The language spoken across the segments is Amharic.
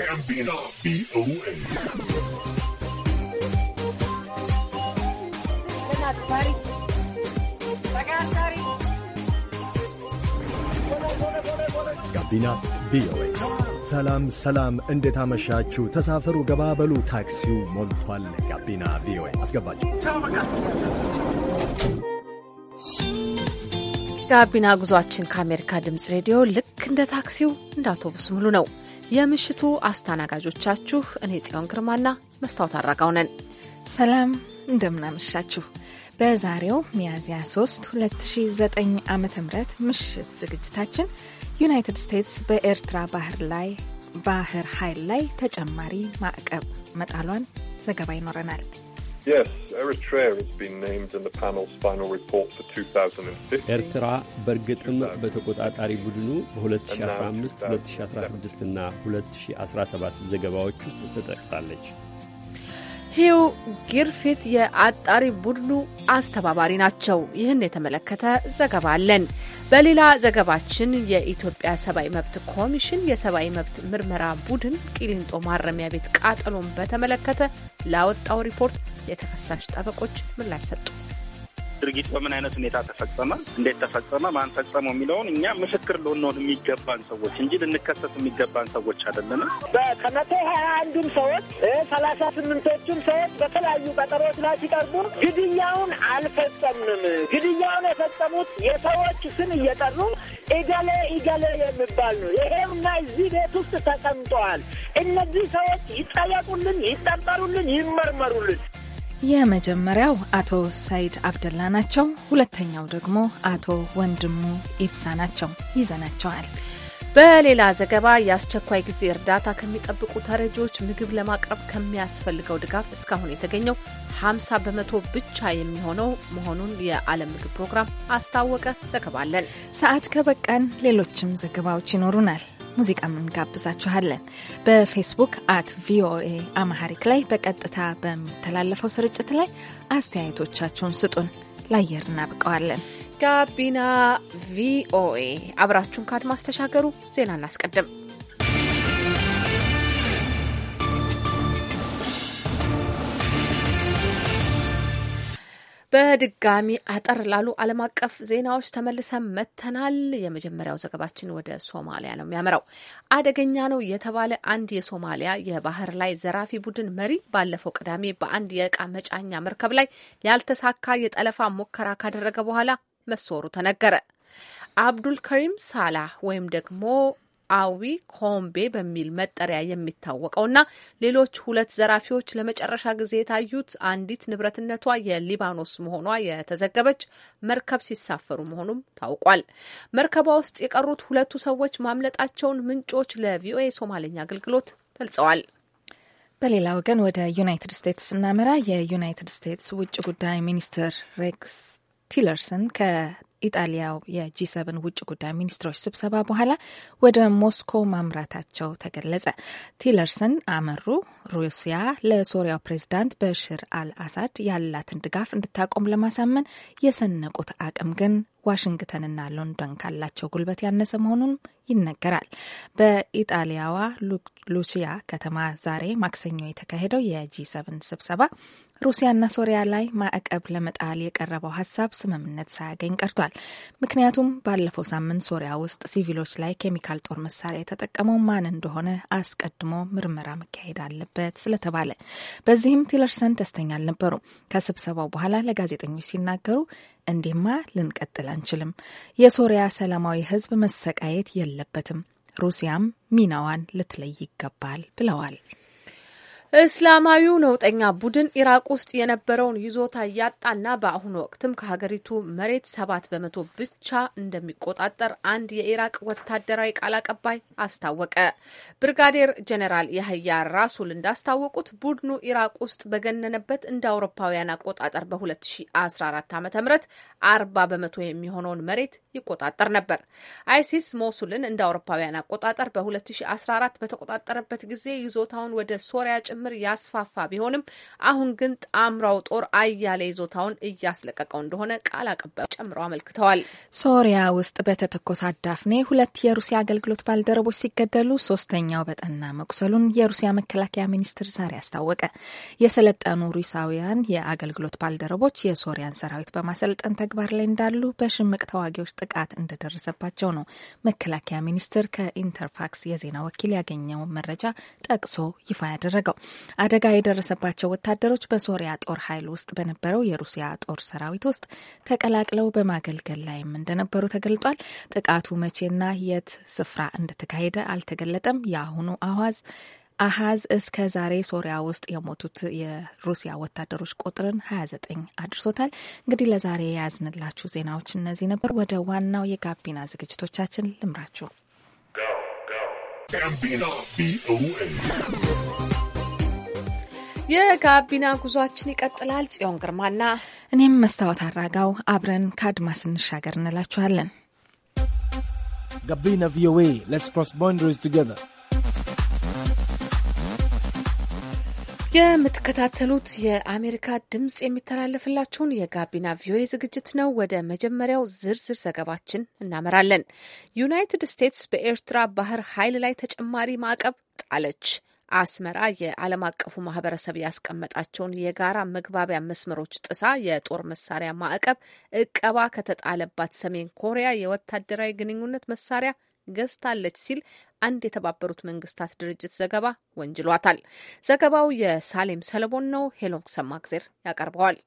ጋቢና ቪኦኤ ጋቢና ቪኦኤ። ሰላም ሰላም፣ እንዴት አመሻችሁ? ተሳፈሩ፣ ገባበሉ፣ ታክሲው ሞልቷል። ጋቢና ቪኦኤ አስገባችሁ። ጋቢና ጉዟችን ከአሜሪካ ድምፅ ሬዲዮ ልክ እንደ ታክሲው እንደ አውቶቡስ ሙሉ ነው። የምሽቱ አስተናጋጆቻችሁ እኔ ጽዮን ግርማና መስታወት አራጋው ነን። ሰላም እንደምናመሻችሁ። በዛሬው ሚያዝያ 3 2009 ዓ ም ምሽት ዝግጅታችን ዩናይትድ ስቴትስ በኤርትራ ባህር ላይ ባህር ኃይል ላይ ተጨማሪ ማዕቀብ መጣሏን ዘገባ ይኖረናል። ኤርትራ በእርግጥም በተቆጣጣሪ ቡድኑ በ2015፣ 2016 እና 2017 ዘገባዎች ውስጥ ተጠቅሳለች። ሂው ግርፊት የአጣሪ ቡድኑ አስተባባሪ ናቸው። ይህን የተመለከተ ዘገባ አለን። በሌላ ዘገባችን የኢትዮጵያ ሰብአዊ መብት ኮሚሽን የሰብአዊ መብት ምርመራ ቡድን ቂሊንጦ ማረሚያ ቤት ቃጠሎን በተመለከተ ላወጣው ሪፖርት የተከሳሽ ጠበቆች ምላሽ ሰጡ። ድርጊት በምን አይነት ሁኔታ ተፈጸመ፣ እንዴት ተፈጸመ፣ ማን ፈጸመው የሚለውን እኛ ምስክር ልንሆን የሚገባን ሰዎች እንጂ ልንከሰስ የሚገባን ሰዎች አይደለም። ከመቶ ሀያ አንዱም ሰዎች ሰላሳ ስምንቶቹም ሰዎች በተለያዩ ቀጠሮች ላይ ሲቀርቡ ግድያውን አልፈጸምንም፣ ግድያውን የፈጸሙት የሰዎች ስም እየጠሩ ኢገሌ ኢገሌ የሚባል ነው። ይሄውና እዚህ ቤት ውስጥ ተቀምጠዋል። እነዚህ ሰዎች ይጠየቁልን፣ ይጠርጠሩልን፣ ይመርመሩልን። የመጀመሪያው አቶ ሰይድ አብደላ ናቸው። ሁለተኛው ደግሞ አቶ ወንድሙ ኢብሳ ናቸው። ይዘናቸዋል። በሌላ ዘገባ የአስቸኳይ ጊዜ እርዳታ ከሚጠብቁ ተረጂዎች ምግብ ለማቅረብ ከሚያስፈልገው ድጋፍ እስካሁን የተገኘው 50 በመቶ ብቻ የሚሆነው መሆኑን የዓለም ምግብ ፕሮግራም አስታወቀ። ዘገባ አለን። ሰዓት ከበቃን ሌሎችም ዘገባዎች ይኖሩናል። ሙዚቃም እንጋብዛችኋለን። በፌስቡክ አት ቪኦኤ አማሐሪክ ላይ በቀጥታ በሚተላለፈው ስርጭት ላይ አስተያየቶቻችሁን ስጡን፣ ለአየር እናብቀዋለን። ጋቢና ቪኦኤ አብራችሁን ከአድማስ ተሻገሩ። ዜና እናስቀድም። በድጋሚ አጠር ላሉ ዓለም አቀፍ ዜናዎች ተመልሰን መጥተናል። የመጀመሪያው ዘገባችን ወደ ሶማሊያ ነው የሚያመራው። አደገኛ ነው የተባለ አንድ የሶማሊያ የባህር ላይ ዘራፊ ቡድን መሪ ባለፈው ቅዳሜ በአንድ የእቃ መጫኛ መርከብ ላይ ያልተሳካ የጠለፋ ሙከራ ካደረገ በኋላ መሰወሩ ተነገረ። አብዱል ከሪም ሳላህ ወይም ደግሞ አዊ ኮምቤ በሚል መጠሪያ የሚታወቀውና ሌሎች ሁለት ዘራፊዎች ለመጨረሻ ጊዜ የታዩት አንዲት ንብረትነቷ የሊባኖስ መሆኗ የተዘገበች መርከብ ሲሳፈሩ መሆኑም ታውቋል። መርከቧ ውስጥ የቀሩት ሁለቱ ሰዎች ማምለጣቸውን ምንጮች ለቪኦኤ ሶማሌኛ አገልግሎት ገልጸዋል። በሌላ ወገን ወደ ዩናይትድ ስቴትስ ስናመራ የዩናይትድ ስቴትስ ውጭ ጉዳይ ሚኒስትር ሬክስ ቲለርሰን ኢጣሊያው የጂ ሰብን ውጭ ጉዳይ ሚኒስትሮች ስብሰባ በኋላ ወደ ሞስኮ ማምራታቸው ተገለጸ። ቲለርሰን አመሩ ሩሲያ ለሶሪያው ፕሬዚዳንት በሽር አል አሳድ ያላትን ድጋፍ እንድታቆም ለማሳመን የሰነቁት አቅም ግን ዋሽንግተንና ሎንዶን ካላቸው ጉልበት ያነሰ መሆኑን ይነገራል። በኢጣሊያዋ ሉሲያ ከተማ ዛሬ ማክሰኞ የተካሄደው የጂ ሰብን ስብሰባ ሩሲያና ሶሪያ ላይ ማዕቀብ ለመጣል የቀረበው ሀሳብ ስምምነት ሳያገኝ ቀርቷል። ምክንያቱም ባለፈው ሳምንት ሶሪያ ውስጥ ሲቪሎች ላይ ኬሚካል ጦር መሳሪያ የተጠቀመው ማን እንደሆነ አስቀድሞ ምርመራ መካሄድ አለበት ስለተባለ፣ በዚህም ቲለርሰን ደስተኛ አልነበሩም። ከስብሰባው በኋላ ለጋዜጠኞች ሲናገሩ እንዲህማ ልንቀጥል አንችልም፣ የሶሪያ ሰላማዊ ሕዝብ መሰቃየት የለበትም፣ ሩሲያም ሚናዋን ልትለይ ይገባል ብለዋል። እስላማዊው ነውጠኛ ቡድን ኢራቅ ውስጥ የነበረውን ይዞታ እያጣና በአሁኑ ወቅትም ከሀገሪቱ መሬት ሰባት በመቶ ብቻ እንደሚቆጣጠር አንድ የኢራቅ ወታደራዊ ቃል አቀባይ አስታወቀ። ብርጋዴር ጀኔራል ያህያ ራሱል እንዳስታወቁት ቡድኑ ኢራቅ ውስጥ በገነነበት እንደ አውሮፓውያን አቆጣጠር በ2014 ዓ ም አርባ በመቶ የሚሆነውን መሬት ይቆጣጠር ነበር። አይሲስ ሞሱልን እንደ አውሮፓውያን አቆጣጠር በ2014 በተቆጣጠረበት ጊዜ ይዞታውን ወደ ሶሪያ ጭምር ያስፋፋ ቢሆንም አሁን ግን ጣምራው ጦር አያሌ ይዞታውን እያስለቀቀው እንደሆነ ቃል አቀባዩ ጨምረው አመልክተዋል። ሶሪያ ውስጥ በተተኮሰ አዳፍኔ ሁለት የሩሲያ አገልግሎት ባልደረቦች ሲገደሉ ሶስተኛው በጠና መቁሰሉን የሩሲያ መከላከያ ሚኒስትር ዛሬ አስታወቀ። የሰለጠኑ ሩሳውያን የአገልግሎት ባልደረቦች የሶሪያን ሰራዊት በማሰልጠን ተግባር ላይ እንዳሉ በሽምቅ ተዋጊዎች ጥቃት እንደደረሰባቸው ነው መከላከያ ሚኒስትር ከኢንተርፋክስ የዜና ወኪል ያገኘው መረጃ ጠቅሶ ይፋ ያደረገው። አደጋ የደረሰባቸው ወታደሮች በሶሪያ ጦር ኃይል ውስጥ በነበረው የሩሲያ ጦር ሰራዊት ውስጥ ተቀላቅለው በማገልገል ላይም እንደነበሩ ተገልጧል። ጥቃቱ መቼና የት ስፍራ እንደተካሄደ አልተገለጠም። የአሁኑ አዋዝ አሃዝ እስከ ዛሬ ሶሪያ ውስጥ የሞቱት የሩሲያ ወታደሮች ቁጥርን 29 አድርሶታል። እንግዲህ ለዛሬ የያዝንላችሁ ዜናዎች እነዚህ ነበር። ወደ ዋናው የጋቢና ዝግጅቶቻችን ልምራችሁ። የጋቢና ጉዟችን ይቀጥላል። ጽዮን ግርማና እኔም መስታወት አራጋው አብረን ከአድማስ እንሻገር እንላችኋለን። ጋቢና ቪኦኤ ሌትስ ክሮስ ቦንደሪስ ቱጌዘር የምትከታተሉት የአሜሪካ ድምፅ የሚተላለፍላችሁን የጋቢና ቪኦኤ ዝግጅት ነው። ወደ መጀመሪያው ዝርዝር ዘገባችን እናመራለን። ዩናይትድ ስቴትስ በኤርትራ ባህር ኃይል ላይ ተጨማሪ ማዕቀብ ጣለች። አስመራ የዓለም አቀፉ ማህበረሰብ ያስቀመጣቸውን የጋራ መግባቢያ መስመሮች ጥሳ የጦር መሳሪያ ማዕቀብ እቀባ ከተጣለባት ሰሜን ኮሪያ የወታደራዊ ግንኙነት መሳሪያ ገዝታለች ሲል አንድ የተባበሩት መንግስታት ድርጅት ዘገባ ወንጅሏታል። ዘገባው የሳሌም ሰለሞን ነው። ሄሎን ሰማግዜር ያቀርበዋል።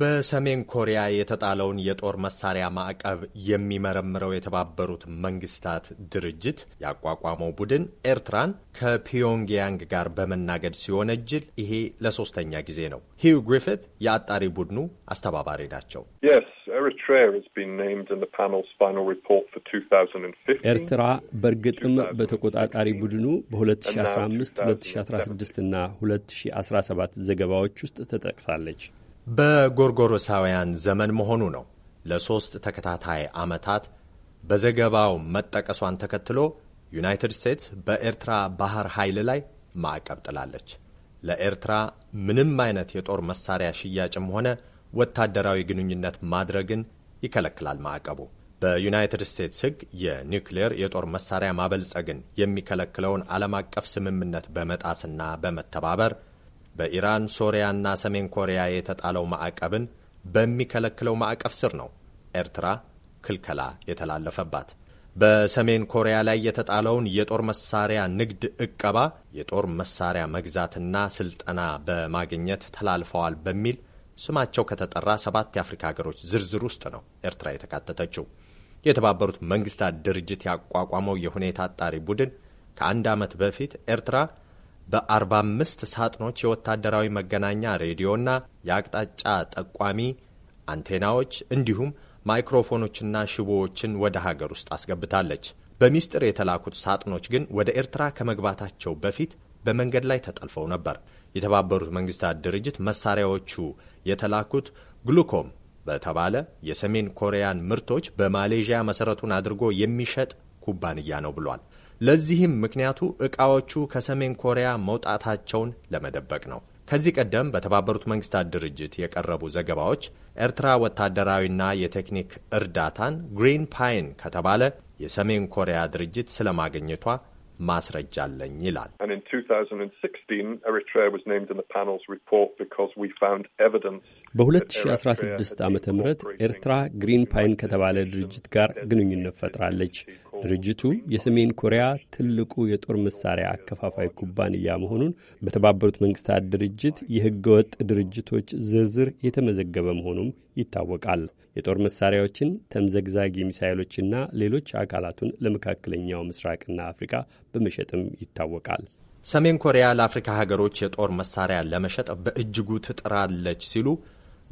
በሰሜን ኮሪያ የተጣለውን የጦር መሳሪያ ማዕቀብ የሚመረምረው የተባበሩት መንግስታት ድርጅት ያቋቋመው ቡድን ኤርትራን ከፒዮንግያንግ ጋር በመናገድ እጅል ይሄ ለሶስተኛ ጊዜ ነው። ሂው ግሪፊት የአጣሪ ቡድኑ አስተባባሪ ናቸው። ኤርትራ በእርግጥም በተቆጣጣሪ ቡድኑ በ2015፣ 2016 እና 2017 ዘገባዎች ውስጥ ተጠቅሳለች። በጎርጎሮሳውያን ዘመን መሆኑ ነው። ለሦስት ተከታታይ ዓመታት በዘገባው መጠቀሷን ተከትሎ ዩናይትድ ስቴትስ በኤርትራ ባህር ኃይል ላይ ማዕቀብ ጥላለች። ለኤርትራ ምንም አይነት የጦር መሳሪያ ሽያጭም ሆነ ወታደራዊ ግንኙነት ማድረግን ይከለክላል ማዕቀቡ። በዩናይትድ ስቴትስ ሕግ የኒውክሌር የጦር መሳሪያ ማበልጸግን የሚከለክለውን ዓለም አቀፍ ስምምነት በመጣስና በመተባበር በኢራን ሶሪያና ሰሜን ኮሪያ የተጣለው ማዕቀብን በሚከለክለው ማዕቀፍ ስር ነው ኤርትራ ክልከላ የተላለፈባት። በሰሜን ኮሪያ ላይ የተጣለውን የጦር መሳሪያ ንግድ እቀባ የጦር መሳሪያ መግዛትና ስልጠና በማግኘት ተላልፈዋል በሚል ስማቸው ከተጠራ ሰባት የአፍሪካ ሀገሮች ዝርዝር ውስጥ ነው ኤርትራ የተካተተችው። የተባበሩት መንግስታት ድርጅት ያቋቋመው የሁኔታ አጣሪ ቡድን ከአንድ ዓመት በፊት ኤርትራ በ45 ሳጥኖች የወታደራዊ መገናኛ ሬዲዮና የአቅጣጫ ጠቋሚ አንቴናዎች እንዲሁም ማይክሮፎኖችና ሽቦዎችን ወደ ሀገር ውስጥ አስገብታለች። በሚስጢር የተላኩት ሳጥኖች ግን ወደ ኤርትራ ከመግባታቸው በፊት በመንገድ ላይ ተጠልፈው ነበር። የተባበሩት መንግስታት ድርጅት መሳሪያዎቹ የተላኩት ግሉኮም በተባለ የሰሜን ኮሪያን ምርቶች በማሌዥያ መሰረቱን አድርጎ የሚሸጥ ኩባንያ ነው ብሏል። ለዚህም ምክንያቱ ዕቃዎቹ ከሰሜን ኮሪያ መውጣታቸውን ለመደበቅ ነው። ከዚህ ቀደም በተባበሩት መንግስታት ድርጅት የቀረቡ ዘገባዎች ኤርትራ ወታደራዊና የቴክኒክ እርዳታን ግሪን ፓይን ከተባለ የሰሜን ኮሪያ ድርጅት ስለማግኘቷ ማስረጃ አለኝ ይላል። በ2016 ዓ ም ኤርትራ ግሪን ፓይን ከተባለ ድርጅት ጋር ግንኙነት ፈጥራለች። ድርጅቱ የሰሜን ኮሪያ ትልቁ የጦር መሳሪያ አከፋፋይ ኩባንያ መሆኑን በተባበሩት መንግስታት ድርጅት የህገወጥ ድርጅቶች ዝርዝር የተመዘገበ መሆኑም ይታወቃል። የጦር መሳሪያዎችን፣ ተምዘግዛጊ ሚሳይሎችና ሌሎች አካላቱን ለመካከለኛው ምስራቅና አፍሪካ በመሸጥም ይታወቃል። ሰሜን ኮሪያ ለአፍሪካ ሀገሮች የጦር መሳሪያ ለመሸጥ በእጅጉ ትጥራለች ሲሉ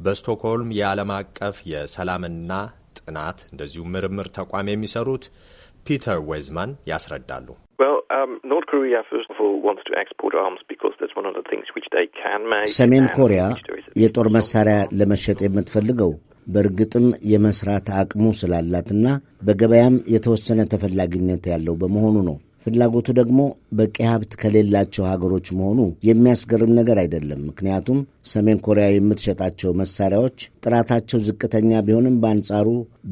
በስቶክሆልም የዓለም አቀፍ የሰላምና ጥናት እንደዚሁም ምርምር ተቋም የሚሰሩት ፒተር ዌዝማን ያስረዳሉ። um, ሰሜን ኮሪያ የጦር መሳሪያ ለመሸጥ የምትፈልገው በእርግጥም የመስራት አቅሙ ስላላትና በገበያም የተወሰነ ተፈላጊነት ያለው በመሆኑ ነው። ፍላጎቱ ደግሞ በቂ ሀብት ከሌላቸው ሀገሮች መሆኑ የሚያስገርም ነገር አይደለም። ምክንያቱም ሰሜን ኮሪያ የምትሸጣቸው መሳሪያዎች ጥራታቸው ዝቅተኛ ቢሆንም በአንጻሩ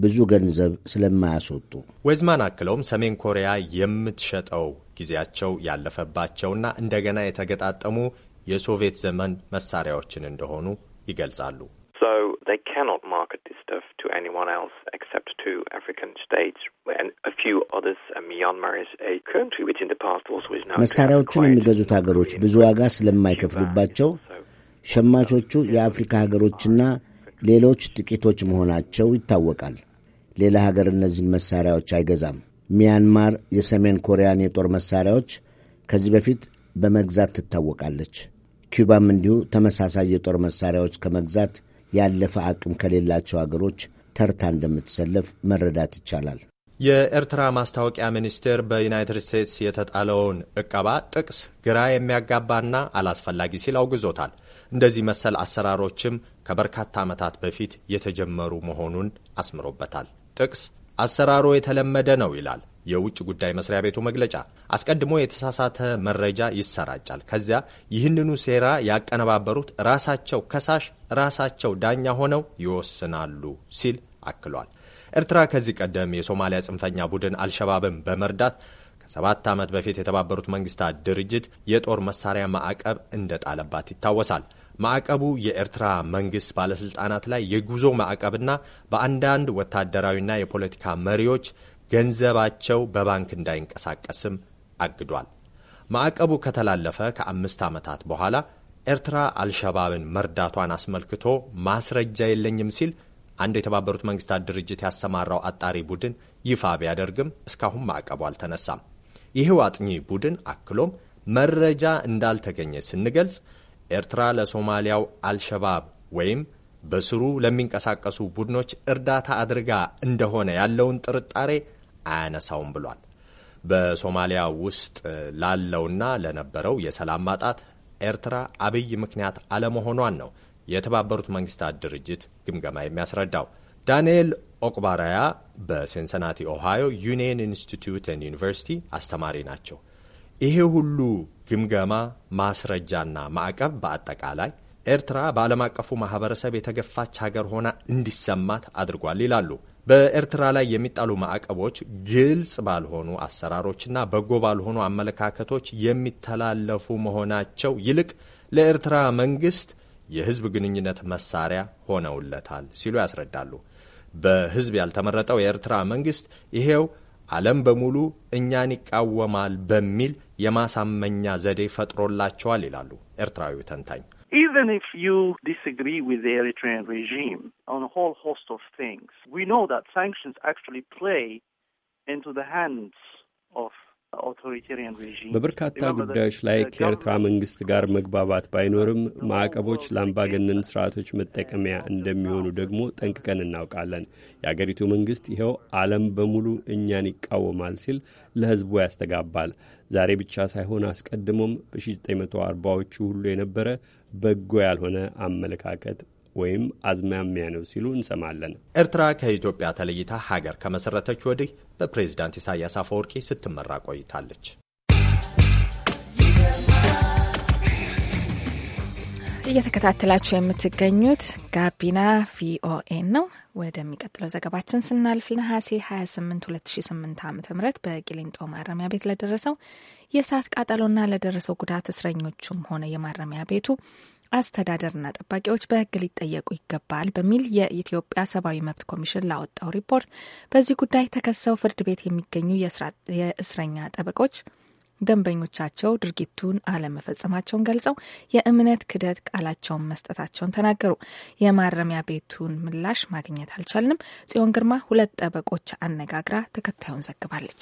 ብዙ ገንዘብ ስለማያስወጡ ወዝማን አክለውም ሰሜን ኮሪያ የምትሸጠው ጊዜያቸው ያለፈባቸውና እንደገና የተገጣጠሙ የሶቪየት ዘመን መሳሪያዎችን እንደሆኑ ይገልጻሉ። stuff to anyone else except to African states and a few others. Uh, Myanmar is a country which in the past also is now መሳሪያዎቹን የሚገዙት ሀገሮች ብዙ ዋጋ ስለማይከፍሉባቸው ሸማቾቹ uh, የአፍሪካ uh, ሀገሮችና ሌሎች ጥቂቶች መሆናቸው ይታወቃል። ሌላ ሀገር እነዚህን መሳሪያዎች አይገዛም። ሚያንማር የሰሜን ኮሪያን የጦር መሳሪያዎች ከዚህ በፊት በመግዛት ትታወቃለች። ኪውባም እንዲሁ ተመሳሳይ የጦር መሳሪያዎች ከመግዛት ያለፈ አቅም ከሌላቸው አገሮች ተርታ እንደምትሰለፍ መረዳት ይቻላል። የኤርትራ ማስታወቂያ ሚኒስቴር በዩናይትድ ስቴትስ የተጣለውን እቀባ ጥቅስ ግራ የሚያጋባና አላስፈላጊ ሲል አውግዞታል። እንደዚህ መሰል አሰራሮችም ከበርካታ ዓመታት በፊት የተጀመሩ መሆኑን አስምሮበታል። ጥቅስ አሰራሩ የተለመደ ነው ይላል። የውጭ ጉዳይ መስሪያ ቤቱ መግለጫ አስቀድሞ የተሳሳተ መረጃ ይሰራጫል። ከዚያ ይህንኑ ሴራ ያቀነባበሩት ራሳቸው ከሳሽ ራሳቸው ዳኛ ሆነው ይወስናሉ ሲል አክሏል። ኤርትራ ከዚህ ቀደም የሶማሊያ ጽንፈኛ ቡድን አልሸባብን በመርዳት ከሰባት ዓመት በፊት የተባበሩት መንግስታት ድርጅት የጦር መሳሪያ ማዕቀብ እንደጣለባት ይታወሳል። ማዕቀቡ የኤርትራ መንግስት ባለስልጣናት ላይ የጉዞ ማዕቀብና በአንዳንድ ወታደራዊና የፖለቲካ መሪዎች ገንዘባቸው በባንክ እንዳይንቀሳቀስም አግዷል። ማዕቀቡ ከተላለፈ ከአምስት ዓመታት በኋላ ኤርትራ አልሸባብን መርዳቷን አስመልክቶ ማስረጃ የለኝም ሲል አንድ የተባበሩት መንግስታት ድርጅት ያሰማራው አጣሪ ቡድን ይፋ ቢያደርግም እስካሁን ማዕቀቡ አልተነሳም። ይህው አጥኚ ቡድን አክሎም መረጃ እንዳልተገኘ ስንገልጽ ኤርትራ ለሶማሊያው አልሸባብ ወይም በስሩ ለሚንቀሳቀሱ ቡድኖች እርዳታ አድርጋ እንደሆነ ያለውን ጥርጣሬ አያነሳውም ብሏል። በሶማሊያ ውስጥ ላለውና ለነበረው የሰላም ማጣት ኤርትራ አብይ ምክንያት አለመሆኗን ነው የተባበሩት መንግስታት ድርጅት ግምገማ የሚያስረዳው። ዳንኤል ኦቅባራያ በሲንሰናቲ ኦሃዮ ዩኒየን ኢንስቲትዩትን ዩኒቨርሲቲ አስተማሪ ናቸው። ይሄ ሁሉ ግምገማ ማስረጃና ማዕቀብ በአጠቃላይ ኤርትራ በዓለም አቀፉ ማህበረሰብ የተገፋች ሀገር ሆና እንዲሰማት አድርጓል ይላሉ። በኤርትራ ላይ የሚጣሉ ማዕቀቦች ግልጽ ባልሆኑ አሰራሮችና በጎ ባልሆኑ አመለካከቶች የሚተላለፉ መሆናቸው ይልቅ ለኤርትራ መንግስት የህዝብ ግንኙነት መሳሪያ ሆነውለታል ሲሉ ያስረዳሉ። በህዝብ ያልተመረጠው የኤርትራ መንግስት ይሄው ዓለም በሙሉ እኛን ይቃወማል በሚል የማሳመኛ ዘዴ ፈጥሮላቸዋል ይላሉ ኤርትራዊ ተንታኝ። even if you disagree with the Eritrean regime on a whole host of things. We know that sanctions actually play into the hands of በበርካታ ጉዳዮች ላይ ከኤርትራ መንግስት ጋር መግባባት ባይኖርም ማዕቀቦች ለአምባገነን ስርዓቶች መጠቀሚያ እንደሚሆኑ ደግሞ ጠንቅቀን እናውቃለን። የአገሪቱ መንግስት ይኸው ዓለም በሙሉ እኛን ይቃወማል ሲል ለህዝቡ ያስተጋባል። ዛሬ ብቻ ሳይሆን አስቀድሞም በ1940ዎቹ ሁሉ የነበረ በጎ ያልሆነ አመለካከት ወይም አዝማሚያ ነው ሲሉ እንሰማለን። ኤርትራ ከኢትዮጵያ ተለይታ ሀገር ከመሰረተች ወዲህ በፕሬዝዳንት ኢሳያስ አፈወርቂ ስትመራ ቆይታለች። እየተከታተላችሁ የምትገኙት ጋቢና ቪኦኤ ነው። ወደሚቀጥለው ዘገባችን ስናልፍ ነሐሴ 28 2008 ዓ ም በቂሊንጦ ማረሚያ ቤት ለደረሰው የእሳት ቃጠሎና ለደረሰው ጉዳት እስረኞቹም ሆነ የማረሚያ ቤቱ አስተዳደርና ጠባቂዎች በሕግ ሊጠየቁ ይገባል በሚል የኢትዮጵያ ሰብአዊ መብት ኮሚሽን ላወጣው ሪፖርት በዚህ ጉዳይ ተከሰው ፍርድ ቤት የሚገኙ የእስረኛ ጠበቆች ደንበኞቻቸው ድርጊቱን አለመፈጸማቸውን ገልጸው የእምነት ክደት ቃላቸውን መስጠታቸውን ተናገሩ። የማረሚያ ቤቱን ምላሽ ማግኘት አልቻልንም። ጽዮን ግርማ ሁለት ጠበቆች አነጋግራ ተከታዩን ዘግባለች።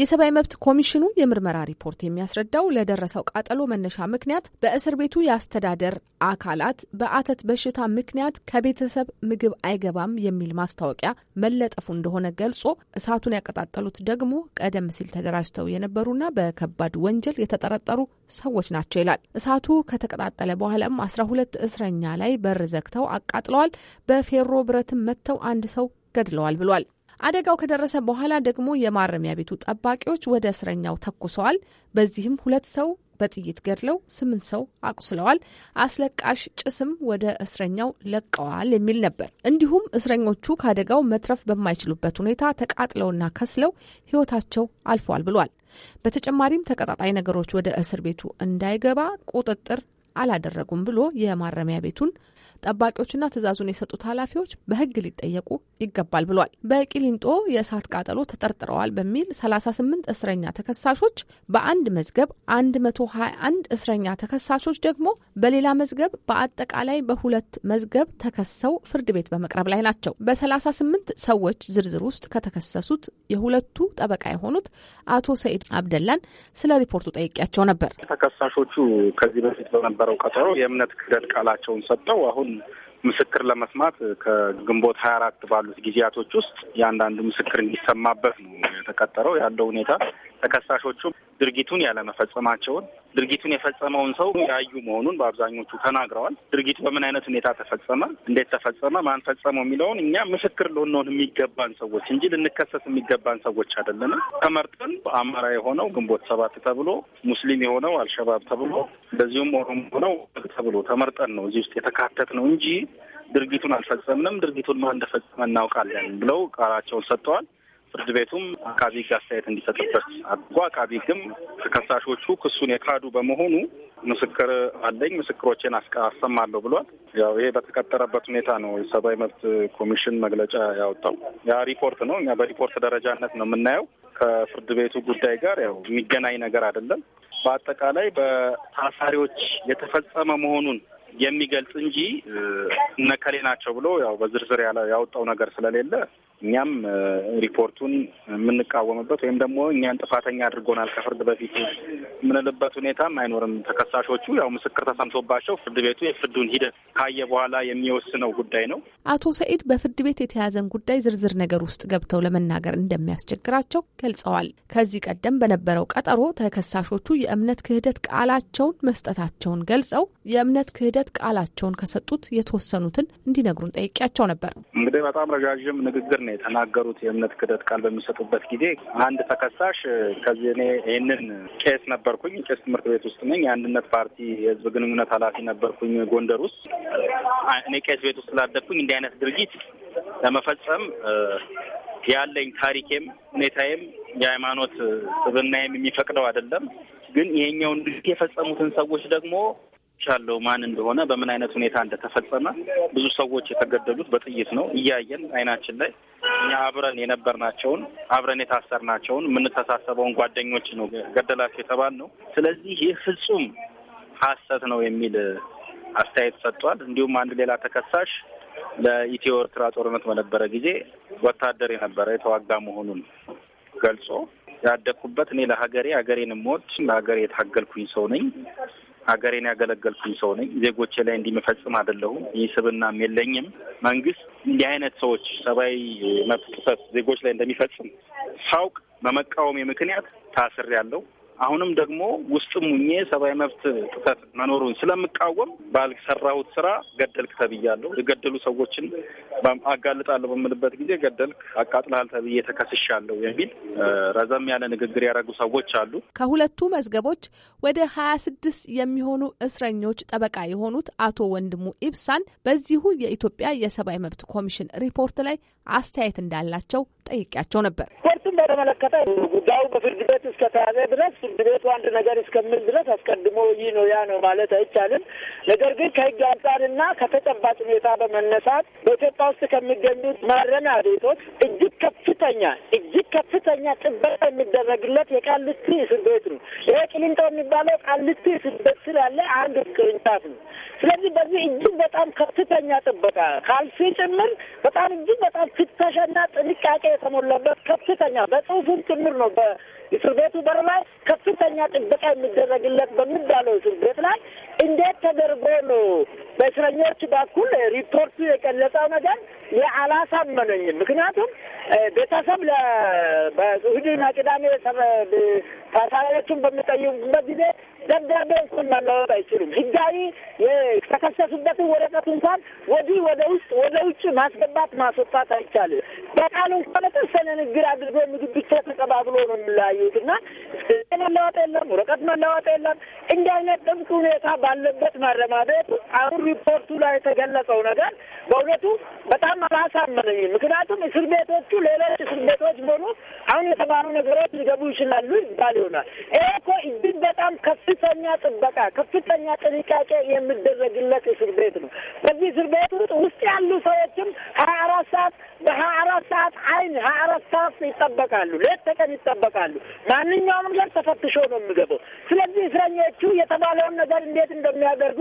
የሰብአዊ መብት ኮሚሽኑ የምርመራ ሪፖርት የሚያስረዳው ለደረሰው ቃጠሎ መነሻ ምክንያት በእስር ቤቱ የአስተዳደር አካላት በአተት በሽታ ምክንያት ከቤተሰብ ምግብ አይገባም የሚል ማስታወቂያ መለጠፉ እንደሆነ ገልጾ እሳቱን ያቀጣጠሉት ደግሞ ቀደም ሲል ተደራጅተው የነበሩና በከባድ ወንጀል የተጠረጠሩ ሰዎች ናቸው ይላል። እሳቱ ከተቀጣጠለ በኋላም አስራ ሁለት እስረኛ ላይ በር ዘግተው አቃጥለዋል። በፌሮ ብረትም መጥተው አንድ ሰው ገድለዋል ብሏል። አደጋው ከደረሰ በኋላ ደግሞ የማረሚያ ቤቱ ጠባቂዎች ወደ እስረኛው ተኩሰዋል። በዚህም ሁለት ሰው በጥይት ገድለው ስምንት ሰው አቁስለዋል። አስለቃሽ ጭስም ወደ እስረኛው ለቀዋል የሚል ነበር። እንዲሁም እስረኞቹ ከአደጋው መትረፍ በማይችሉበት ሁኔታ ተቃጥለውና ከስለው ሕይወታቸው አልፏል ብሏል። በተጨማሪም ተቀጣጣይ ነገሮች ወደ እስር ቤቱ እንዳይገባ ቁጥጥር አላደረጉም ብሎ የማረሚያ ቤቱን ጠባቂዎችና ትዕዛዙን የሰጡት ኃላፊዎች በሕግ ሊጠየቁ ይገባል ብሏል። በቂሊንጦ የእሳት ቃጠሎ ተጠርጥረዋል በሚል 38 እስረኛ ተከሳሾች በአንድ መዝገብ፣ 121 እስረኛ ተከሳሾች ደግሞ በሌላ መዝገብ፣ በአጠቃላይ በሁለት መዝገብ ተከሰው ፍርድ ቤት በመቅረብ ላይ ናቸው። በ38 ሰዎች ዝርዝር ውስጥ ከተከሰሱት የሁለቱ ጠበቃ የሆኑት አቶ ሰኢድ አብደላን ስለ ሪፖርቱ ጠይቄያቸው ነበር። ተከሳሾቹ ከዚህ በፊት በነበረ በነበረው ቀጠሮ የእምነት ክህደት ቃላቸውን ሰጥተው አሁን ምስክር ለመስማት ከግንቦት ሀያ አራት ባሉት ጊዜያቶች ውስጥ የአንዳንዱ ምስክር እንዲሰማበት ነው የተቀጠረው። ያለው ሁኔታ ተከሳሾቹም ድርጊቱን ያለመፈጸማቸውን ድርጊቱን የፈጸመውን ሰው ያዩ መሆኑን በአብዛኞቹ ተናግረዋል። ድርጊቱ በምን አይነት ሁኔታ ተፈጸመ፣ እንዴት ተፈጸመ፣ ማን ፈጸመው የሚለውን እኛ ምስክር ልንሆን የሚገባን ሰዎች እንጂ ልንከሰስ የሚገባን ሰዎች አይደለንም። ተመርጠን አማራ የሆነው ግንቦት ሰባት ተብሎ ሙስሊም የሆነው አልሸባብ ተብሎ እንደዚሁም ኦሮሞ ሆነው ተብሎ ተመርጠን ነው እዚህ ውስጥ የተካተት ነው እንጂ ድርጊቱን አልፈጸምንም፣ ድርጊቱን ማን እንደፈጸመ እናውቃለን ብለው ቃላቸውን ሰጥተዋል። ፍርድ ቤቱም አቃቢ ሕግ አስተያየት እንዲሰጥበት አድርጎ አቃቢ ሕግም ተከሳሾቹ ክሱን የካዱ በመሆኑ ምስክር አለኝ ምስክሮቼን አሰማለሁ ብሏል። ያው ይሄ በተቀጠረበት ሁኔታ ነው የሰብአዊ መብት ኮሚሽን መግለጫ ያወጣው። ያ ሪፖርት ነው። እኛ በሪፖርት ደረጃነት ነው የምናየው። ከፍርድ ቤቱ ጉዳይ ጋር ያው የሚገናኝ ነገር አይደለም። በአጠቃላይ በታሳሪዎች የተፈጸመ መሆኑን የሚገልጽ እንጂ እነከሌ ናቸው ብሎ ያው በዝርዝር ያወጣው ነገር ስለሌለ እኛም ሪፖርቱን የምንቃወምበት ወይም ደግሞ እኛን ጥፋተኛ አድርጎናል ከፍርድ በፊት የምንልበት ሁኔታም አይኖርም። ተከሳሾቹ ያው ምስክር ተሰምቶባቸው ፍርድ ቤቱ የፍርዱን ሂደት ካየ በኋላ የሚወስነው ጉዳይ ነው። አቶ ሰኢድ በፍርድ ቤት የተያዘን ጉዳይ ዝርዝር ነገር ውስጥ ገብተው ለመናገር እንደሚያስቸግራቸው ገልጸዋል። ከዚህ ቀደም በነበረው ቀጠሮ ተከሳሾቹ የእምነት ክህደት ቃላቸውን መስጠታቸውን ገልጸው የእምነት ክህደት ቃላቸውን ከሰጡት የተወሰኑትን እንዲነግሩን ጠይቄያቸው ነበር። እንግዲህ በጣም ረዣዥም ንግግር የተናገሩት የእምነት ክደት ቃል በሚሰጡበት ጊዜ አንድ ተከሳሽ ከዚህ እኔ ይህንን ቄስ ነበርኩኝ፣ ቄስ ትምህርት ቤት ውስጥ ነኝ፣ የአንድነት ፓርቲ የህዝብ ግንኙነት ኃላፊ ነበርኩኝ ጎንደር ውስጥ እኔ ቄስ ቤት ውስጥ ስላደግኩኝ እንዲህ አይነት ድርጊት ለመፈጸም ያለኝ ታሪኬም ሁኔታዬም የሃይማኖት ስብናዬም የሚፈቅደው አይደለም። ግን ይሄኛውን ድርጊት የፈጸሙትን ሰዎች ደግሞ ያለው ማን እንደሆነ በምን አይነት ሁኔታ እንደተፈጸመ ብዙ ሰዎች የተገደሉት በጥይት ነው። እያየን አይናችን ላይ እኛ አብረን የነበርናቸውን አብረን የታሰርናቸውን የምንተሳሰበውን ጓደኞች ነው ገደላቸው የተባል ነው። ስለዚህ ይህ ፍጹም ሀሰት ነው የሚል አስተያየት ሰጥቷል። እንዲሁም አንድ ሌላ ተከሳሽ ለኢትዮ ኤርትራ ጦርነት በነበረ ጊዜ ወታደር የነበረ የተዋጋ መሆኑን ገልጾ ያደግኩበት እኔ ለሀገሬ ሀገሬን ሞት ለሀገሬ የታገልኩኝ ሰው ነኝ ሀገሬን ያገለገልኩኝ ሰው ነኝ። ዜጎቼ ላይ እንዲመፈጽም አይደለሁም። ይህ ስብናም የለኝም። መንግስት እንዲህ አይነት ሰዎች ሰብአዊ መብት ጥሰት ዜጎች ላይ እንደሚፈጽም ሳውቅ በመቃወሜ ምክንያት ታስሬያለሁ። አሁንም ደግሞ ውስጥም ሙኜ ሰብአዊ መብት ጥሰት መኖሩን ስለምቃወም ባልሰራሁት ስራ ገደልክ ተብያለሁ። የገደሉ ሰዎችን አጋልጣለሁ በምልበት ጊዜ ገደልክ፣ አቃጥልሃል ተብዬ ተከስሻለሁ የሚል ረዘም ያለ ንግግር ያደረጉ ሰዎች አሉ። ከሁለቱ መዝገቦች ወደ ሀያ ስድስት የሚሆኑ እስረኞች ጠበቃ የሆኑት አቶ ወንድሙ ኢብሳን በዚሁ የኢትዮጵያ የሰብአዊ መብት ኮሚሽን ሪፖርት ላይ አስተያየት እንዳላቸው ጠይቄያቸው ነበር። ስፖርቱን በተመለከተ ጉዳዩ በፍርድ ቤት እስከተያዘ ድረስ ፍርድ ቤቱ አንድ ነገር እስከምል ድረስ አስቀድሞ ይህ ነው ያ ነው ማለት አይቻልም። ነገር ግን ከህግ አንጻርና ከተጨባጭ ሁኔታ በመነሳት በኢትዮጵያ ውስጥ ከሚገኙት ማረሚያ ቤቶች እጅግ ከፍተኛ እጅግ ከፍተኛ ጥበቃ የሚደረግለት የቃሊቲ እስር ቤት ነው። ይሄ ቂሊንጦ የሚባለው ቃሊቲ እስር ቤት ስላለ አንድ ቅርንጫፍ ነው። ስለዚህ በዚህ እጅግ በጣም ከፍተኛ ጥበቃ ካልሲ ጭምር በጣም እጅግ በጣም ፍተሻና ጥንቃቄ የተሞላበት ከፍተኛ በጽሁፉም ጭምር ነው እስር ቤቱ በር ላይ ከፍተኛ ጥበቃ የሚደረግለት በሚባለው እስር ቤት ላይ እንዴት ተደርጎ ነው በእስረኞች በኩል ሪፖርቱ የገለጸው ነገር አላሳመነኝም። ምክንያቱም ቤተሰብ በእሑድና ቅዳሜ ታሳሪዎቹን በሚጠይቁበት ጊዜ ደብዳቤ እንኳን መለወጥ አይችሉም። ህጋዊ የተከሰሱበትን ወረቀት እንኳን ወዲህ ወደ ውስጥ ወደ ውጭ ማስገባት ማስወጣት አይቻልም። በቃሉ እንኳን የተወሰነ ንግግር አድርጎ ምግብ ብቻ ተቀባብሎ ነው የሚለያዩ የሚገኙትና መለዋወጥ የለም፣ ወረቀት መለዋወጥ የለም። እንዲህ አይነት ጥብቅ ሁኔታ ባለበት ማረሚያ ቤት አሁን ሪፖርቱ ላይ የተገለጸው ነገር በእውነቱ በጣም አላሳመነኝ። ምክንያቱም እስር ቤቶቹ ሌሎች እስር ቤቶች ሆኑ አሁን የተባሉ ነገሮች ሊገቡ ይችላሉ ይባል ይሆናል። ይሄ እኮ እጅግ በጣም ከፍተኛ ጥበቃ፣ ከፍተኛ ጥንቃቄ የሚደረግለት እስር ቤት ነው። በዚህ እስር ቤት ውስጥ ያሉ ሰዎችም ሀያ አራት ሰዓት በሀያ አራት ሰዓት አይን ሀያ አራት ሰዓት ይጠበቃሉ። ሌት ተቀን ይጠበቃሉ። ማንኛውም ነገር ተፈትሾ ነው የሚገባው። ስለዚህ እስረኞቹ የተባለውን ነገር እንዴት እንደሚያደርጉ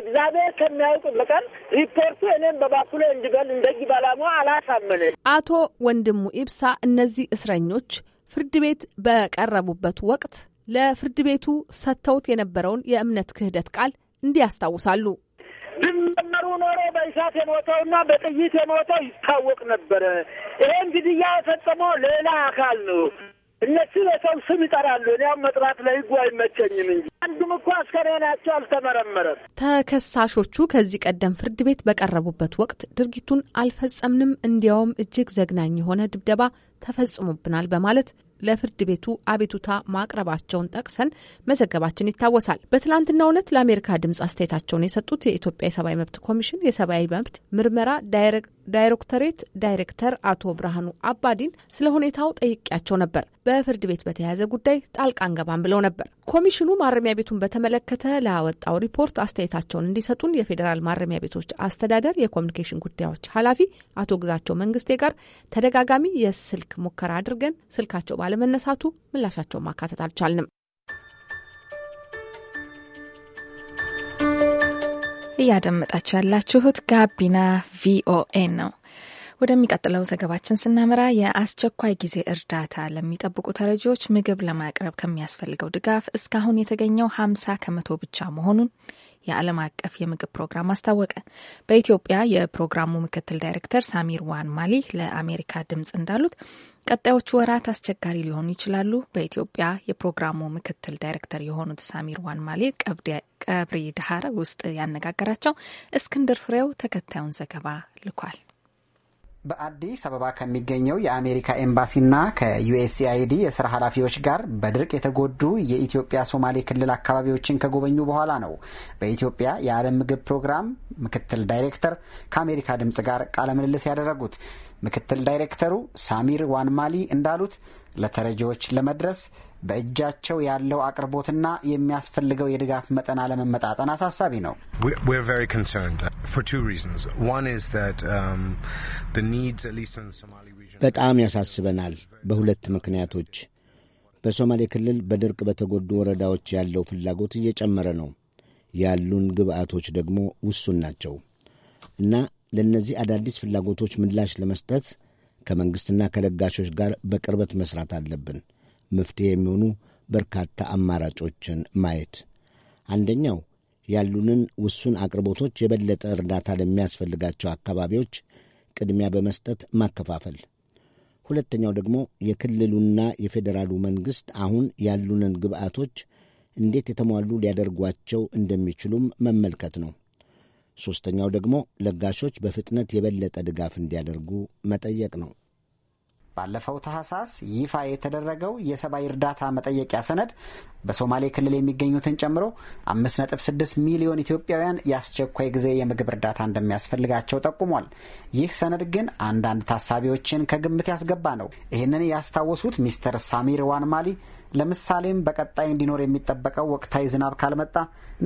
እግዚአብሔር ከሚያውቅ በቀር ሪፖርቱ እኔም በባኩሎ እንዲበል እንደዚህ ባላሞ አላሳመነ። አቶ ወንድሙ ኢብሳ እነዚህ እስረኞች ፍርድ ቤት በቀረቡበት ወቅት ለፍርድ ቤቱ ሰጥተውት የነበረውን የእምነት ክህደት ቃል እንዲህ ያስታውሳሉ። ቢመረመሩ ኖሮ በእሳት የሞተውና በጥይት የሞተው ይታወቅ ነበረ። ይሄን ግድያ የፈጸመው ሌላ አካል ነው። እነሱ ለሰው ስም ይጠራሉ። እኔያም መጥራት ለህጉ አይመቸኝም እንጂ አንዱም እኮ አስከሬናቸው አልተመረመረም። ተከሳሾቹ ከዚህ ቀደም ፍርድ ቤት በቀረቡበት ወቅት ድርጊቱን አልፈጸምንም፣ እንዲያውም እጅግ ዘግናኝ የሆነ ድብደባ ተፈጽሞብናል በማለት ለፍርድ ቤቱ አቤቱታ ማቅረባቸውን ጠቅሰን መዘገባችን ይታወሳል። በትላንትናው ዕለት ለአሜሪካ ድምፅ አስተያየታቸውን የሰጡት የኢትዮጵያ የሰብአዊ መብት ኮሚሽን የሰብአዊ መብት ምርመራ ዳይሬክቶሬት ዳይሬክተር አቶ ብርሃኑ አባዲን ስለ ሁኔታው ጠይቄያቸው ነበር። በፍርድ ቤት በተያያዘ ጉዳይ ጣልቃ አንገባም ብለው ነበር። ኮሚሽኑ ማረሚያ ቤቱን በተመለከተ ላወጣው ሪፖርት አስተያየታቸውን እንዲሰጡን የፌዴራል ማረሚያ ቤቶች አስተዳደር የኮሚኒኬሽን ጉዳዮች ኃላፊ አቶ ግዛቸው መንግስቴ ጋር ተደጋጋሚ የስልክ ሙከራ አድርገን ስልካቸው ባለመነሳቱ ምላሻቸውን ማካተት አልቻልንም። እያደመጣችሁ ያላችሁት ጋቢና ቪኦኤ ነው። ወደሚቀጥለው ዘገባችን ስናመራ የአስቸኳይ ጊዜ እርዳታ ለሚጠብቁ ተረጂዎች ምግብ ለማቅረብ ከሚያስፈልገው ድጋፍ እስካሁን የተገኘው ሀምሳ ከመቶ ብቻ መሆኑን የዓለም አቀፍ የምግብ ፕሮግራም አስታወቀ። በኢትዮጵያ የፕሮግራሙ ምክትል ዳይሬክተር ሳሚር ዋን ማሊ ለአሜሪካ ድምጽ እንዳሉት ቀጣዮቹ ወራት አስቸጋሪ ሊሆኑ ይችላሉ። በኢትዮጵያ የፕሮግራሙ ምክትል ዳይሬክተር የሆኑት ሳሚር ዋን ማሊ ቀብሪ ዳሃር ውስጥ ያነጋገራቸው እስክንድር ፍሬው ተከታዩን ዘገባ ልኳል። በአዲስ አበባ ከሚገኘው የአሜሪካ ኤምባሲና ከዩኤስኤአይዲ የስራ ኃላፊዎች ጋር በድርቅ የተጎዱ የኢትዮጵያ ሶማሌ ክልል አካባቢዎችን ከጎበኙ በኋላ ነው በኢትዮጵያ የዓለም ምግብ ፕሮግራም ምክትል ዳይሬክተር ከአሜሪካ ድምፅ ጋር ቃለ ምልልስ ያደረጉት። ምክትል ዳይሬክተሩ ሳሚር ዋንማሊ እንዳሉት ለተረጂዎች ለመድረስ በእጃቸው ያለው አቅርቦትና የሚያስፈልገው የድጋፍ መጠን አለመመጣጠን አሳሳቢ ነው። um, በጣም ያሳስበናል በሁለት ምክንያቶች። በሶማሌ ክልል በድርቅ በተጎዱ ወረዳዎች ያለው ፍላጎት እየጨመረ ነው። ያሉን ግብአቶች ደግሞ ውሱን ናቸው እና ለእነዚህ አዳዲስ ፍላጎቶች ምላሽ ለመስጠት ከመንግሥትና ከለጋሾች ጋር በቅርበት መስራት አለብን። መፍትሄ የሚሆኑ በርካታ አማራጮችን ማየት፣ አንደኛው ያሉንን ውሱን አቅርቦቶች የበለጠ እርዳታ ለሚያስፈልጋቸው አካባቢዎች ቅድሚያ በመስጠት ማከፋፈል፣ ሁለተኛው ደግሞ የክልሉና የፌዴራሉ መንግሥት አሁን ያሉንን ግብአቶች እንዴት የተሟሉ ሊያደርጓቸው እንደሚችሉም መመልከት ነው። ሦስተኛው ደግሞ ለጋሾች በፍጥነት የበለጠ ድጋፍ እንዲያደርጉ መጠየቅ ነው። ባለፈው ታህሳስ ይፋ የተደረገው የሰብአዊ እርዳታ መጠየቂያ ሰነድ በሶማሌ ክልል የሚገኙትን ጨምሮ 5.6 ሚሊዮን ኢትዮጵያውያን የአስቸኳይ ጊዜ የምግብ እርዳታ እንደሚያስፈልጋቸው ጠቁሟል። ይህ ሰነድ ግን አንዳንድ ታሳቢዎችን ከግምት ያስገባ ነው። ይህንን ያስታወሱት ሚስተር ሳሚር ዋንማሊ ለምሳሌም በቀጣይ እንዲኖር የሚጠበቀው ወቅታዊ ዝናብ ካልመጣ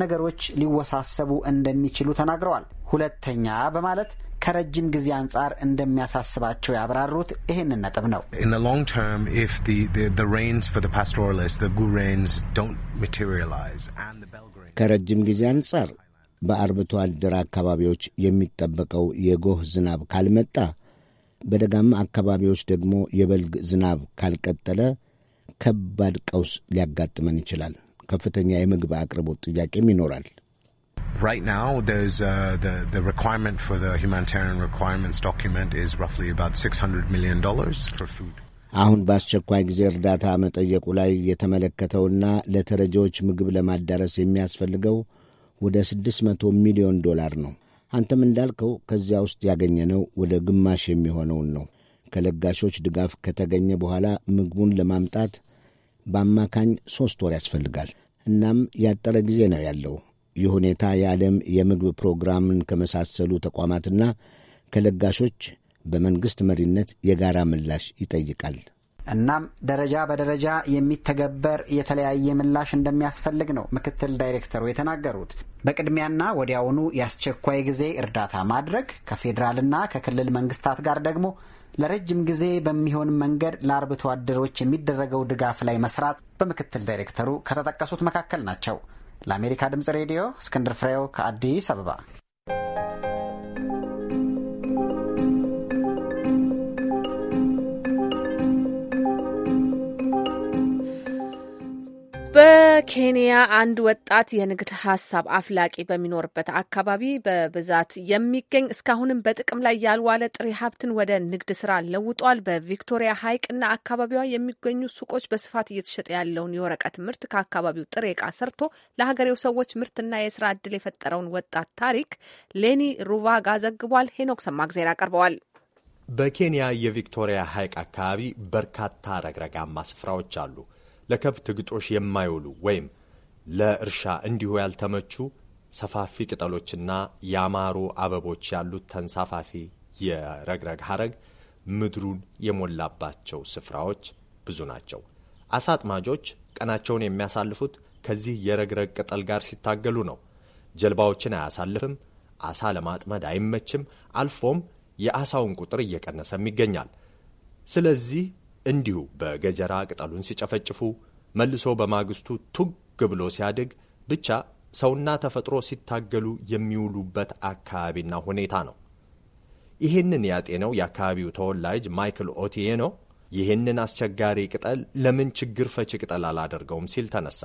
ነገሮች ሊወሳሰቡ እንደሚችሉ ተናግረዋል። ሁለተኛ በማለት ከረጅም ጊዜ አንጻር እንደሚያሳስባቸው ያብራሩት ይህንን ነጥብ ነው። ከረጅም ጊዜ አንጻር በአርብቶ አደር አካባቢዎች የሚጠበቀው የጎህ ዝናብ ካልመጣ፣ በደጋማ አካባቢዎች ደግሞ የበልግ ዝናብ ካልቀጠለ ከባድ ቀውስ ሊያጋጥመን ይችላል። ከፍተኛ የምግብ አቅርቦት ጥያቄም ይኖራል። Right now, there's uh, the the requirement for the humanitarian requirements document is roughly about six hundred million dollars for food. አሁን በአስቸኳይ ጊዜ እርዳታ መጠየቁ ላይ የተመለከተውና ለተረጂዎች ምግብ ለማዳረስ የሚያስፈልገው ወደ ስድስት መቶ ሚሊዮን ዶላር ነው። አንተም እንዳልከው ከዚያ ውስጥ ያገኘነው ወደ ግማሽ የሚሆነውን ነው። ከለጋሾች ድጋፍ ከተገኘ በኋላ ምግቡን ለማምጣት በአማካኝ ሦስት ወር ያስፈልጋል። እናም ያጠረ ጊዜ ነው ያለው። ይህ ሁኔታ የዓለም የምግብ ፕሮግራምን ከመሳሰሉ ተቋማትና ከለጋሾች በመንግሥት መሪነት የጋራ ምላሽ ይጠይቃል። እናም ደረጃ በደረጃ የሚተገበር የተለያየ ምላሽ እንደሚያስፈልግ ነው ምክትል ዳይሬክተሩ የተናገሩት። በቅድሚያና ወዲያውኑ የአስቸኳይ ጊዜ እርዳታ ማድረግ፣ ከፌዴራልና ከክልል መንግስታት ጋር ደግሞ ለረጅም ጊዜ በሚሆን መንገድ ለአርብቶ አደሮች የሚደረገው ድጋፍ ላይ መስራት በምክትል ዳይሬክተሩ ከተጠቀሱት መካከል ናቸው። ለአሜሪካ ድምጽ ሬዲዮ እስክንድር ፍሬው ከአዲስ አበባ በኬንያ አንድ ወጣት የንግድ ሀሳብ አፍላቂ በሚኖርበት አካባቢ በብዛት የሚገኝ እስካሁንም በጥቅም ላይ ያልዋለ ጥሬ ሀብትን ወደ ንግድ ስራ ለውጧል። በቪክቶሪያ ሐይቅና አካባቢዋ የሚገኙ ሱቆች በስፋት እየተሸጠ ያለውን የወረቀት ምርት ከአካባቢው ጥሬ እቃ ሰርቶ ለሀገሬው ሰዎች ምርትና የስራ እድል የፈጠረውን ወጣት ታሪክ ሌኒ ሩቫጋ ዘግቧል። ሄኖክ ሰማግዜር አቀርበዋል። በኬንያ የቪክቶሪያ ሐይቅ አካባቢ በርካታ ረግረጋማ ስፍራዎች አሉ። ለከብት ግጦሽ የማይውሉ ወይም ለእርሻ እንዲሁ ያልተመቹ ሰፋፊ ቅጠሎችና ያማሩ አበቦች ያሉት ተንሳፋፊ የረግረግ ሐረግ ምድሩን የሞላባቸው ስፍራዎች ብዙ ናቸው። አሳ አጥማጆች ቀናቸውን የሚያሳልፉት ከዚህ የረግረግ ቅጠል ጋር ሲታገሉ ነው። ጀልባዎችን አያሳልፍም፣ አሳ ለማጥመድ አይመችም፣ አልፎም የአሳውን ቁጥር እየቀነሰም ይገኛል። ስለዚህ እንዲሁ በገጀራ ቅጠሉን ሲጨፈጭፉ መልሶ በማግስቱ ቱግ ብሎ ሲያድግ ብቻ ሰውና ተፈጥሮ ሲታገሉ የሚውሉበት አካባቢና ሁኔታ ነው። ይህንን ያጤነው የአካባቢው ተወላጅ ማይክል ኦቲዬ ነው። ይህንን አስቸጋሪ ቅጠል ለምን ችግር ፈቺ ቅጠል አላደርገውም ሲል ተነሳ።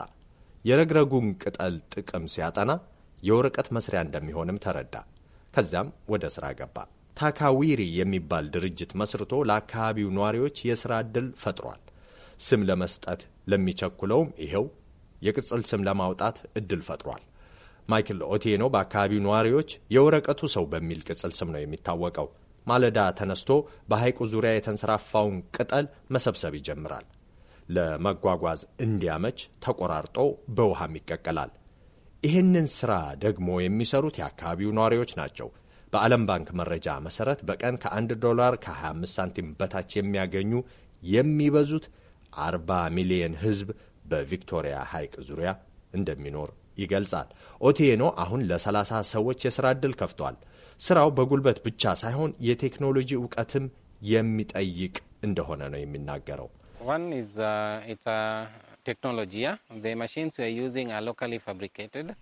የረግረጉን ቅጠል ጥቅም ሲያጠና የወረቀት መስሪያ እንደሚሆንም ተረዳ። ከዚያም ወደ ሥራ ገባ። ታካዊሪ የሚባል ድርጅት መስርቶ ለአካባቢው ነዋሪዎች የሥራ ዕድል ፈጥሯል። ስም ለመስጠት ለሚቸኩለውም ይኸው የቅጽል ስም ለማውጣት ዕድል ፈጥሯል። ማይክል ኦቴኖ በአካባቢው ነዋሪዎች የወረቀቱ ሰው በሚል ቅጽል ስም ነው የሚታወቀው። ማለዳ ተነስቶ በሐይቁ ዙሪያ የተንሰራፋውን ቅጠል መሰብሰብ ይጀምራል። ለመጓጓዝ እንዲያመች ተቆራርጦ በውሃም ይቀቀላል። ይህንን ሥራ ደግሞ የሚሰሩት የአካባቢው ነዋሪዎች ናቸው። በዓለም ባንክ መረጃ መሰረት በቀን ከ1 ዶላር ከ25 ሳንቲም በታች የሚያገኙ የሚበዙት 40 ሚሊየን ህዝብ በቪክቶሪያ ሐይቅ ዙሪያ እንደሚኖር ይገልጻል። ኦቴኖ አሁን ለ30 ሰዎች የሥራ ዕድል ከፍቷል። ሥራው በጉልበት ብቻ ሳይሆን የቴክኖሎጂ እውቀትም የሚጠይቅ እንደሆነ ነው የሚናገረው።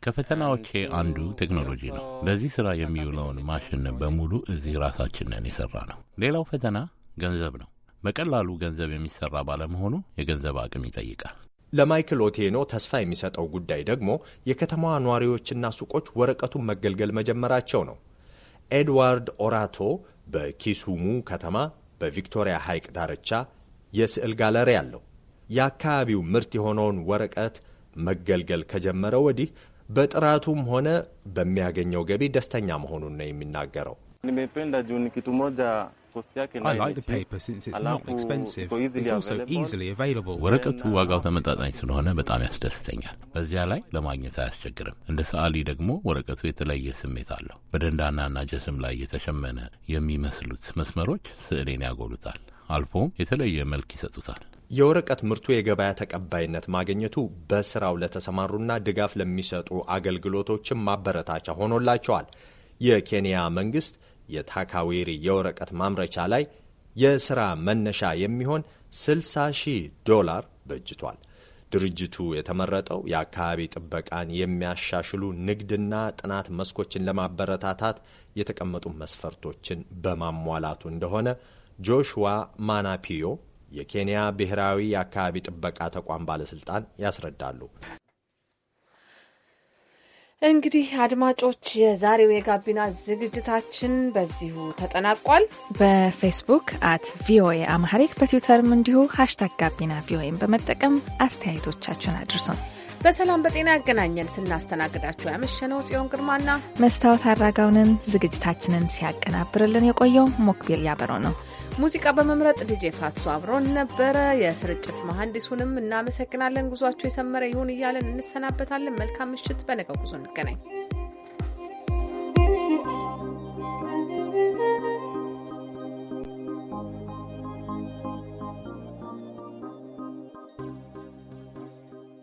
ከፈተናዎቼ uh, አንዱ ቴክኖሎጂ ነው። ለዚህ ስራ የሚውለውን ማሽን በሙሉ እዚህ ራሳችንን የሰራ ነው። ሌላው ፈተና ገንዘብ ነው። በቀላሉ ገንዘብ የሚሰራ ባለመሆኑ የገንዘብ አቅም ይጠይቃል። ለማይክል ኦቴኖ ተስፋ የሚሰጠው ጉዳይ ደግሞ የከተማዋ ነዋሪዎችና ሱቆች ወረቀቱን መገልገል መጀመራቸው ነው። ኤድዋርድ ኦራቶ በኪሱሙ ከተማ በቪክቶሪያ ሐይቅ ዳርቻ የስዕል ጋለሪ አለው። የአካባቢው ምርት የሆነውን ወረቀት መገልገል ከጀመረ ወዲህ በጥራቱም ሆነ በሚያገኘው ገቢ ደስተኛ መሆኑን ነው የሚናገረው። ወረቀቱ ዋጋው ተመጣጣኝ ስለሆነ በጣም ያስደስተኛል። በዚያ ላይ ለማግኘት አያስቸግርም። እንደ ሰዓሊ ደግሞ ወረቀቱ የተለየ ስሜት አለው። በደንዳናና ጀስም ላይ የተሸመነ የሚመስሉት መስመሮች ስዕሌን ያጎሉታል፣ አልፎም የተለየ መልክ ይሰጡታል። የወረቀት ምርቱ የገበያ ተቀባይነት ማግኘቱ በስራው ለተሰማሩና ድጋፍ ለሚሰጡ አገልግሎቶችም ማበረታቻ ሆኖላቸዋል። የኬንያ መንግስት የታካዌሪ የወረቀት ማምረቻ ላይ የስራ መነሻ የሚሆን 60 ሺህ ዶላር በጅቷል። ድርጅቱ የተመረጠው የአካባቢ ጥበቃን የሚያሻሽሉ ንግድና ጥናት መስኮችን ለማበረታታት የተቀመጡ መስፈርቶችን በማሟላቱ እንደሆነ ጆሹዋ ማናፒዮ የኬንያ ብሔራዊ የአካባቢ ጥበቃ ተቋም ባለስልጣን ያስረዳሉ። እንግዲህ አድማጮች የዛሬው የጋቢና ዝግጅታችን በዚሁ ተጠናቋል። በፌስቡክ አት ቪኦኤ አማሪክ በትዊተርም እንዲሁ ሀሽታግ ጋቢና ቪኦኤም በመጠቀም አስተያየቶቻችሁን አድርሱን። በሰላም በጤና ያገናኘን። ስናስተናግዳችሁ ያመሸነው ጽዮን ግርማና መስታወት አራጋውንን ዝግጅታችንን ሲያቀናብርልን የቆየው ሞክቢል ያበረው ነው። ሙዚቃ በመምረጥ ዲጄ ፋትሱ አብሮን ነበረ። የስርጭት መሐንዲሱንም እናመሰግናለን። ጉዟቸው የሰመረ ይሁን እያለን እንሰናበታለን። መልካም ምሽት። በነገው ጉዞ እንገናኝ።